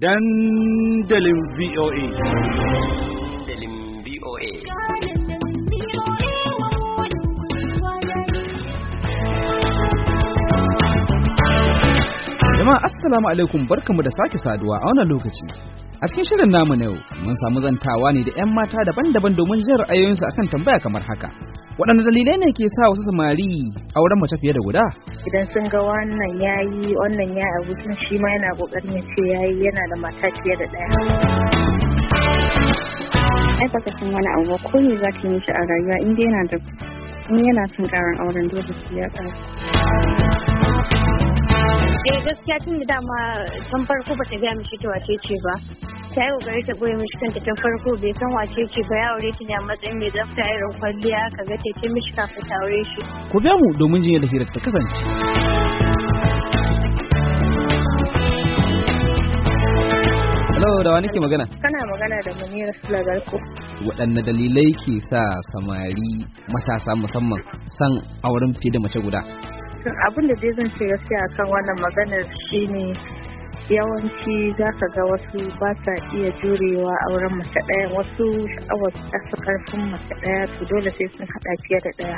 dandalin VOA. Dandalin VOA. Jama'a Assalamu alaikum barkamu da sake saduwa a wannan lokaci. A cikin shirin namu na yau mun samu zantawa ne da 'yan mata daban-daban domin jin ra'ayoyinsu akan tambaya kamar haka. waɗanne dalilai ne ke sa wasu samari auren mace fiye da guda idan sun ga wannan yayi wannan ya abu shi ma yana kokarin ya ce yayi yana da mata fiye da ɗaya ai baka san wani abu ko me za ka yi shi a rayuwa in dai yana da in yana son karan auren dole su ya ƙara eh gaskiya tun da dama can farko ba ta gaya mishi ta wace ce ba ta yi kokari ta goye mishi kanta tun farko bai san wace ce ba ya aure ta ne a matsayin mai zafta irin kwalliya ka ga ta mishi kafin ta aure shi. Ku biya mu domin jin yadda hirar ta kasance. Hello da wani ke magana? Kana magana da Munira Sulagarko. Waɗanne dalilai ke sa samari matasa musamman san auren fiye da mace guda? abin da zai zan ce gaskiya akan wannan maganar shine yawanci za ka ga wasu ba sa iya jurewa auren mace ɗaya wasu sha'awar ta fi ƙarfin mace ɗaya to dole sai sun haɗa fiye da ɗaya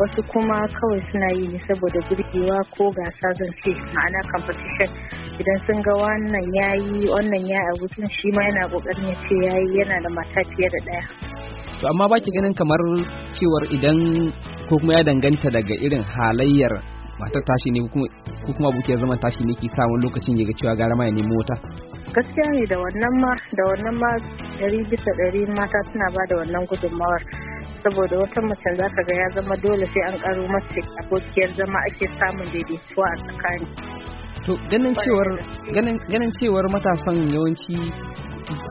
wasu kuma kawai suna yi ne saboda burgewa ko gasa zan ce ma'ana competition idan sun ga wannan yayi wannan ya abokin shi ma yana ƙoƙarin ya ce yayi yana da mata fiye da ɗaya to amma baki ganin kamar cewar idan ko kuma ya danganta daga irin halayyar matar tashi ne ko kuma abokiyar zaman tashi ne ke samun lokacin ya ga cewa gara ma ya nemi wata gaskiya ne da wannan ma da wannan ma ɗari bisa ɗari mata suna ba da wannan gudunmawar saboda wata mace za ka ga ya zama dole sai an karo mace abokiyar zama ake samun daidaituwa a tsakani to ganin cewar matasan yawanci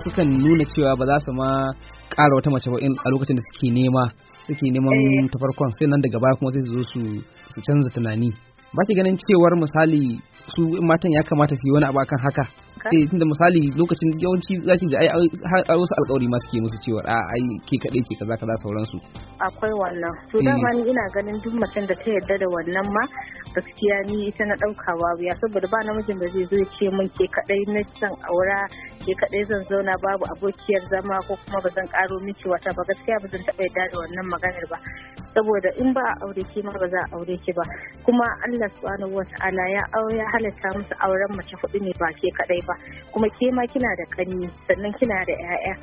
sukan nuna cewa ba za su ma ƙara wata mace ba a lokacin da suke nema suke neman eh. ta farkon sai nan daga baya kuma sai su zo su canza tunani ba ki ganin cewar misali su matan ya kamata su yi wani abu akan haka sai eh, tunda misali lokacin yawanci zaki ji ai har wasu alƙawari ma suke musu cewa a ai ke kaɗai ke kaza kaza sauransu akwai wannan to eh. dama ni ina ganin duk macen da ta yarda da wannan ma gaskiya ni ita na ɗaukawa wuya saboda ba namijin da zai zo ya ce min ke kaɗai na san aura ke kaɗai zan zauna babu abokiyar zama ko kuma ba zan ƙaro miki wata ba gaskiya ba zan taɓa yarda da wannan maganar ba saboda in ba a aure ki ma ba za a aure ki ba kuma Allah subhanahu wata'ala ya ya halatta musu auren mace hudu ne ba ke kadai ba kuma ke ma kina da kanni sannan kina da 'ya'ya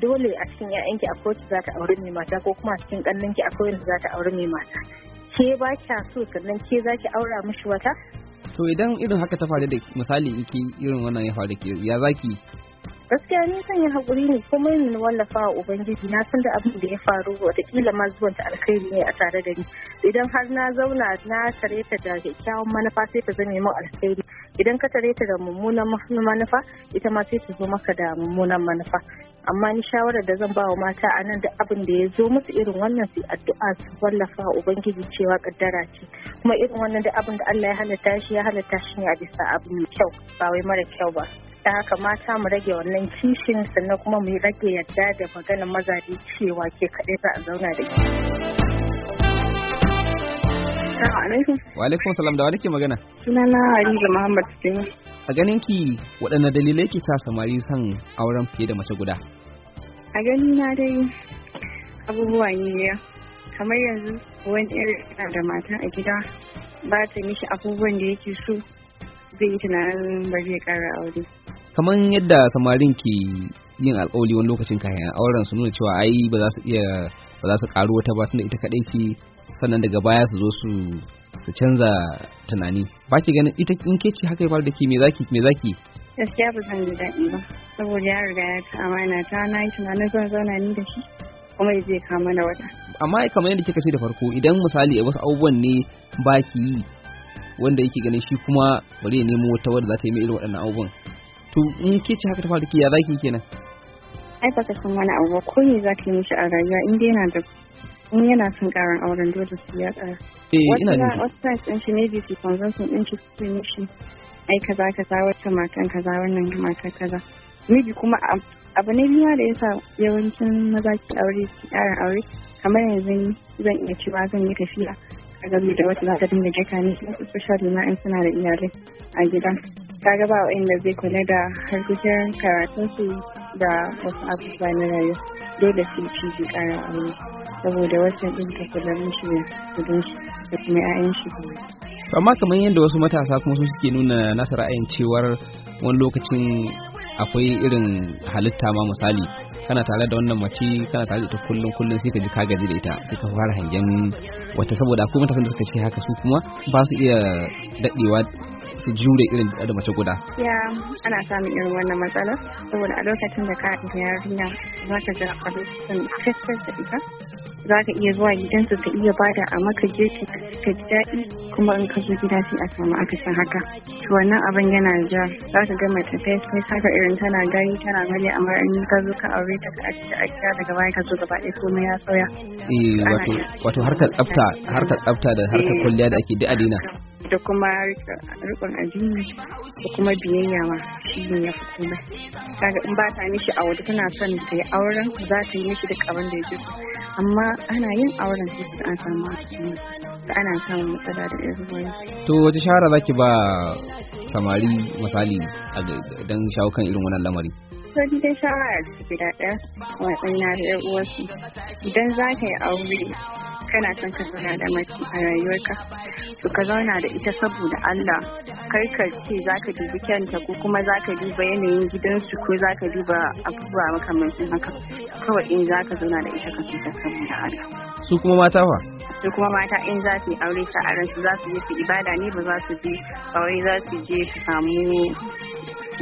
dole a cikin 'ya'yanki akwai wacce za ta aure mai mata ko kuma a cikin kanninki akwai wacce za ta aure mai mata ke ba kya so sannan ke za ki aura mishi wata to idan irin haka ta faru da misali iki irin wannan ya faru ke ya zaki gaskiya ni san yi haƙuri ne kuma yin wallafa wa ubangiji na san da abin da ya faru watakila ma zuwan ta alkhairi ne a tare da ni idan har na zauna na tare ta da kyakkyawan manufa sai ta zame min alkhairi idan ka tare ta da mummunan manufa ita ma sai ta zo maka da mummunan manufa amma ni shawarar da zan ba wa mata a nan da abin da ya zo musu irin wannan su addu'a su wallafa ubangiji cewa kaddara ce kuma irin wannan da abin da Allah ya halatta shi ya halatta shi ne a bisa abu mai kyau ba wai mara kyau ba ta haka mata mu rage wannan kishin sannan kuma mu rage yadda da maganar mazaje cewa ke kaɗai za a zauna da ke. Wa alaikum salam da wani ke magana? na Hadiza Muhammad Sani. A ganin ki waɗanne dalilai ke sa samari son auren fiye da mace guda? A gani na dai abubuwa ne kamar yanzu wani irin da mata a gida ba ta mishi abubuwan da yake so zai yi tunanin ba zai ƙara aure kamar yadda samarin ke yin alkawali wani lokacin kayan auren su nuna cewa ai ba za su iya ba za su karu wata ba tunda ita kaɗai ke sannan daga baya su zo su su canza tunani ba ki ganin ita in ke ce haka ya faru da ke me za ki me za ki. gaskiya ba zan ji daɗi ba saboda ya riga ya ta amana ta na yi tunanin zan zauna ni da shi kuma ya zai kama da wata amma kamar yadda kika ce da farko idan misali a wasu abubuwan ne ba ki yi wanda yake ganin shi kuma bari ya nemo wata wadda za ta yi mai irin waɗannan abubuwan to in ke ce haka ta faru ke ya zaki kenan ai ba ka san wani abu ba ko me za ka yi mishi a rayuwa in dai yana da in yana son karan auren dole su ya kara eh ina da wasu times din shi maybe su convince din shi su yi mishi ai kaza kaza wata matan kaza wannan matan kaza maybe kuma abu ne biyu da yasa yawancin maza ki aure ki ƙara aure kamar yanzu zan iya cewa zan yi tafiya a gami da wata za ta dinga jaka ne especially ma in suna da iyalai a gida kaga ba wa'inda zai kula da harkokin karatunsu da wasu abubuwa na rayuwa dole su ci ji a aure saboda wancan ɗin ka kula mishi da kudin shi da kuma 'ya'yan shi amma kamar yadda wasu matasa kuma su suke nuna nasa ra'ayin cewar wani lokacin akwai irin halitta ma misali kana tare da wannan mace kana tare da kullum kullum sai ka ji ka gaji da ita sai ka fara hangen wata saboda akwai matasan da suka ce haka su kuma ba su iya dadewa su jure irin da mace guda ya ana samun irin wannan matsala saboda a lokacin da ka yarinya za ka ga a lokacin da ita za ka iya zuwa gidansu ka iya bada a maka gefe ka ji daɗi kuma in ka zo gida sai a samu akasin haka to wannan abin yana ja za ka gama tafiya sai saka irin tana gari tana gari amma in ka zo ka aure ta ka ajiye a gida daga baya ka zo gaba ɗaya komai ya sauya. eh wato wato harkar tsafta harkar tsafta da harkar eh. kwalliya da ake da adina. da kuma rikon addini da kuma biyayya ma shi ne ya fi kuma kaga in ba ta mishi a waje tana son ta yi auren za ta yi mishi duk abin da yake ku. amma ana yin auren sai an samu da ana samun matsala da irin wani to wace shahara zaki ba samari misali don shawo kan irin wannan lamari sojoji dai shawara da suke daɗa na da uwarsu idan za ka yi aure kana son ka zauna da mace a rayuwarka to ka zauna da ita saboda Allah kar ka ce za ka dubi kyanta ko kuma za ka duba yanayin gidansu ko za ka duba abubuwa makamancin haka kawai in za ka zauna da ita ka so ta saboda Allah su kuma mata fa su kuma mata in za su yi aure ta a ransu za su je su ibada ne ba za su je ba wai za su je su samu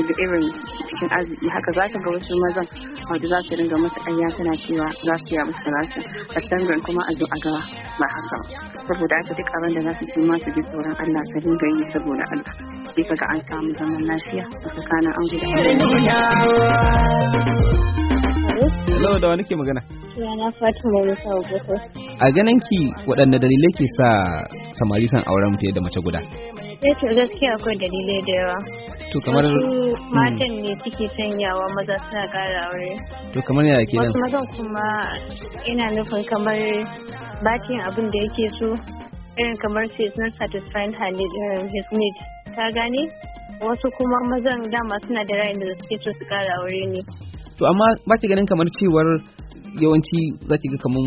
da irin cikin arziki haka za ka ga wasu mazan wanda za su dinga masa ayya tana cewa za su yi musu lafiya a tangan kuma a zo a gaba ba haka saboda haka duk abin da za su ci masu ji tsoron Allah ka ringa yi saboda Allah sai ka ga an samu zaman lafiya a tsakanin an guda. Hello da wani ke magana? Yana Fatima Musa Ogoto. A ganin ki waɗanne dalilai ke sa samari san auren fiye da mace guda? Eh to gaskiya akwai dalilai da yawa. to kamar hmm. matan ne suke sanyawa maza suna kara aure to kamar ya ke nan wasu mazan kuma ina nufin kamar bacin abin da yake so irin kamar sai it's not satisfying um, his need ta gane wasu kuma mazan dama suna da ra'ayin da suke so su kara aure ne to amma ba ki ganin kamar cewar yawanci za ki ga kamar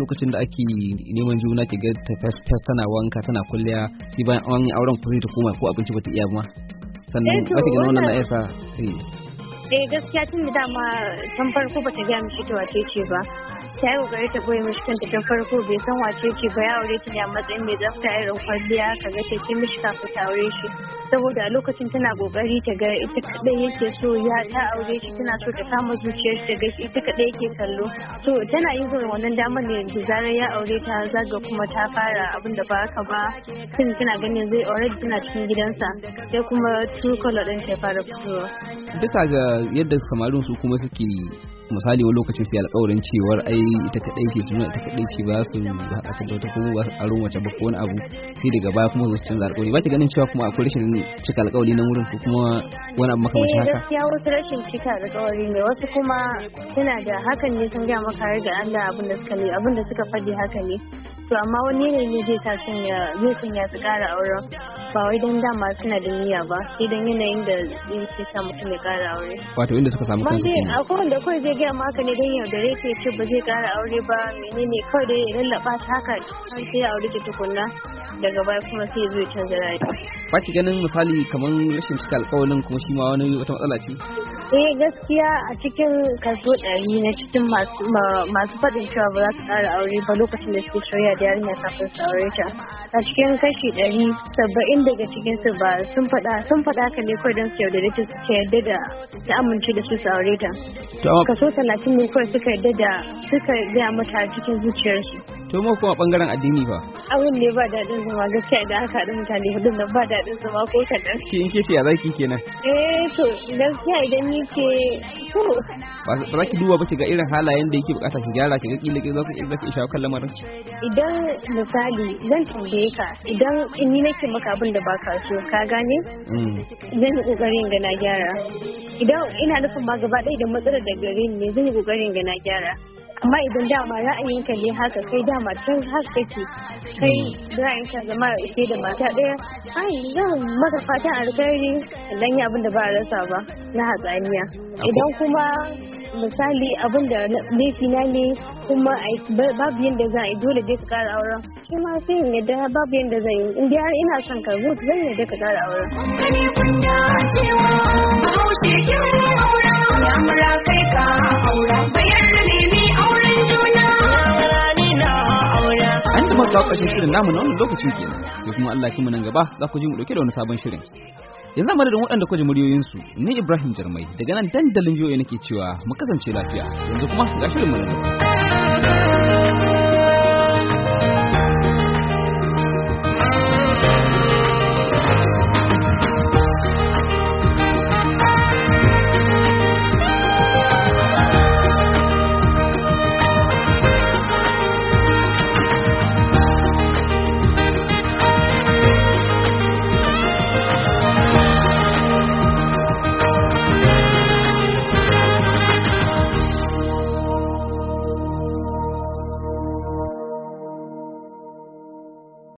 lokacin da ake neman juna ki ga ta tana wanka tana kulliya ki bayan an auren kuzi ta koma ko abinci bata iya ba sannan za eh gina wannan na esa yasa eh gaskiya tun da dama tun farko ba ta gaya mishi ta wace ce ba ta yi kokari ta goyi mishi kanta ta farko bai san wace ce ba ya aure ta ne a matsayin mai tsafta irin kwalliya ka ga ta ke mishi kafin ta aure shi saboda lokacin tana kokari ta ga ita kadai yake so ya aure shi tana so ta kama zuciyar ta ga ita kadai yake kallo to tana yin gurin wannan damar ne da zarar ya aure ta zaga kuma ta fara abin da ba haka ba tun tana ganin zai already tana cikin gidansa sai kuma true color ta fara fitowa bisa ga yadda samarin su kuma suke misali wani lokacin sai alƙawarin cewar ai ita kaɗai ce suna ita kaɗai ce ba su haɗa kan wata kuma ba su aron wace ba ko wani abu sai daga baya kuma su canza alƙawari ba ki ganin cewa kuma akwai rashin cika alƙawari na wurin ko kuma wani abu makamancin haka. Eh, gaskiya wasu rashin cika alƙawari ne wasu kuma suna da hakan ne sun gaya maka har da Allah abin da suka ne abin da suka faɗi haka ne to amma wani ne ne zai sa sanya zai sanya su ƙara auren ba wai don dama suna da niyya ba sai yanayin da yake sa mutum ya kara aure wato inda suka samu kansu kenan akwai wanda kawai zai gaya maka ne don yaudare ke ce ba zai kara aure ba menene kawai da ya lallaba ta haka sai ya aure ki tukunna daga baya kuma sai zai canza rayuwa ba ki ganin misali kamar rashin cika alƙawarin kuma shi ma wani wata matsala ce eh gaskiya a cikin kaso ɗari na cikin masu faɗin cewa ba za su ƙara aure ba lokacin da suke shirya da yarinya kafin su aure ta a cikin kashi ɗari saba'in daga cikin su ba sun faɗa sun faɗa ka ne kawai don su yarda da su yarda da ta amince da su su aure ta kaso talatin ne kawai suka yarda da suka gaya mata cikin zuciyarsu to mu kuma bangaren addini ba abin ne ba daɗin zama gaskiya idan aka haɗu mutane hudu nan ba daɗin zama ko kaɗan ki in ke ce ya zaki kenan eh to gaskiya idan ni ke to ba za ki duba ba ki ga irin halayen da yake bukata ki gyara ki ga kila ki za ki za ki shawo kan lamarin idan misali zan tambaye ka idan ni nake maka abin da ba ka so ka gane mm. zan yi kokarin ga na gyara idan ina nufin ma gaba ɗaya da matsalar da gare ni zan yi kokarin ga na gyara amma idan dama ra'ayinka ne haka kai dama can haka kake kai ra'ayinka zama ke da mata ɗaya ai zan maka fatan alkhairi idan yi abinda ba a rasa ba na hatsaniya idan kuma misali abinda da na ne kuma babu yadda za a yi dole dai ka kara auren shi ma sai in yadda babu yadda zan yi in har ina son ka zo zan yadda ka kara auren. kai ka kawo ƙarshen shirin namu na wannan lokacin kenan sai kuma Allah kuma nan gaba za ku ji mu dauke da wani sabon shirin yanzu zama da waɗanda kwaje su ni Ibrahim Jarmai daga nan dandalin jiyoyi nake cewa mu kasance lafiya yanzu kuma ga shirin mu na gaba